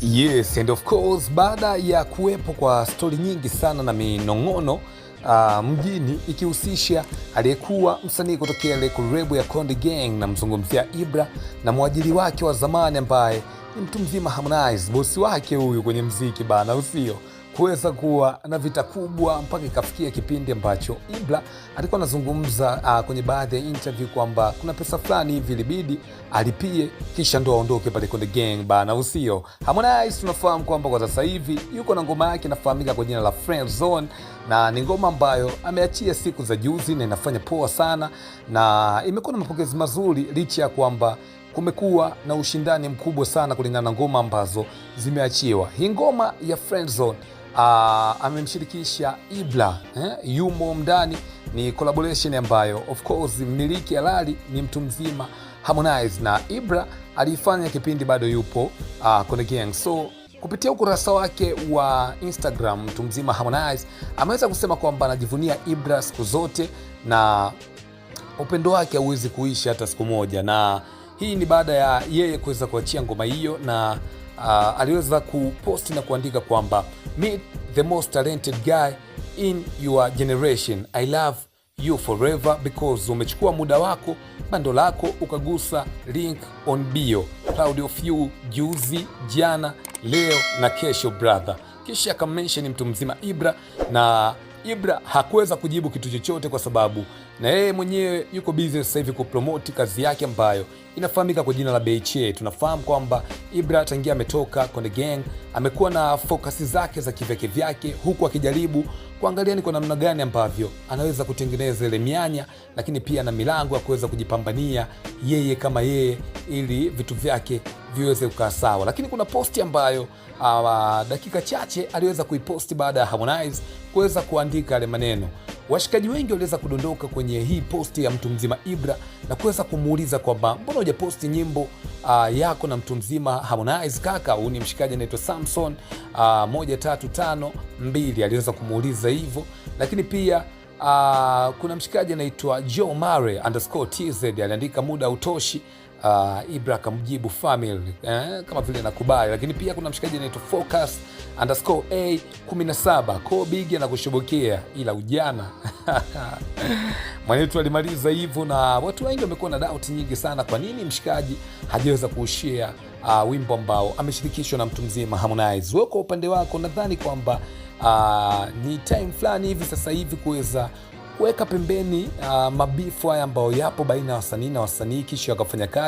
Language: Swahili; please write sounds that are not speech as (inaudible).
Yes, and of course baada ya kuwepo kwa stori nyingi sana na minong'ono Uh, mjini ikihusisha aliyekuwa msanii kutokea lekurebu ya Konde Gang, namzungumzia Ibra na mwajiri wake wa zamani ambaye ni mtu mzima Harmonize, bosi wake huyu kwenye mziki bana, usio kuweza kuwa na vita kubwa mpaka ikafikia kipindi ambacho Ibra alikuwa anazungumza uh, kwenye baadhi ya interview kwamba kuna pesa fulani hivi ilibidi alipie kisha ndo aondoke pale kwenye Gang bana, usio Harmonize. Tunafahamu kwamba kwa sasa hivi yuko na ngoma yake inafahamika kwa jina la Friend Zone, na ni ngoma ambayo ameachia siku za juzi na inafanya poa sana na imekuwa na mapokezi mazuri licha ya kwamba kumekuwa na ushindani mkubwa sana kulingana na ngoma ambazo zimeachiwa. Hii ngoma ya Friend Zone Ah, amemshirikisha Ibra eh, yumo mdani Ni collaboration ambayo of course mmiliki halali ni mtu mzima Harmonize, na Ibra alifanya kipindi bado yupo uh, kwenye gang so kupitia ukurasa wake wa Instagram mtu mzima Harmonize ameweza kusema kwamba anajivunia Ibra siku zote na upendo wake hauwezi kuishi hata siku moja, na hii ni baada ya yeye kuweza kuachia ngoma hiyo na uh, aliweza kuposti na kuandika kwamba meet the most talented guy in your generation I love you forever because umechukua muda wako bando lako ukagusa link on bio. Proud of you juzi, jana, leo na kesho brother. Kisha akamenshoni mtu mzima Ibra na Ibra hakuweza kujibu kitu chochote kwa sababu na yeye mwenyewe yuko busy sasa hivi kupromoti kazi yake ambayo inafahamika kwa jina la Beiche. Tunafahamu kwamba Ibra tangia ametoka Konde Gang amekuwa na fokasi zake za kivyake vyake, huku akijaribu kuangalia ni kwa namna gani ambavyo anaweza kutengeneza ile mianya, lakini pia na milango ya kuweza kujipambania yeye kama yeye, ili vitu vyake viweze kukaa sawa, lakini kuna posti ambayo uh, dakika chache aliweza kuiposti baada ya Harmonize kuweza kuandika yale maneno. Washikaji wengi waliweza kudondoka kwenye hii posti ya mtu mzima Ibra na kuweza kumuuliza kwamba mbona hujaposti nyimbo uh, yako na mtu mzima Harmonize kaka? Huyu ni mshikaji anaitwa Samson uh, moja tatu tano mbili aliweza kumuuliza hivyo, lakini pia Uh, kuna mshikaji anaitwa Joe Mare underscore tz aliandika muda utoshi uh, Ibra akamjibu family eh, kama vile nakubali, lakini pia kuna mshikaji anaitwa focus underscore a 17 ko big anakushubukia, ila ujana (laughs) mwanetu alimaliza hivyo, na watu wengi wamekuwa na doubt nyingi sana, kwa nini mshikaji hajaweza kuushia uh, wimbo ambao ameshirikishwa na mtu mzima Harmonize. Wewe kwa upande wako, nadhani kwamba uh, ni time fulani hivi sasa hivi kuweza weka pembeni uh, mabifu haya ambayo yapo baina ya wasanii na wasanii, kisha wakafanya kazi.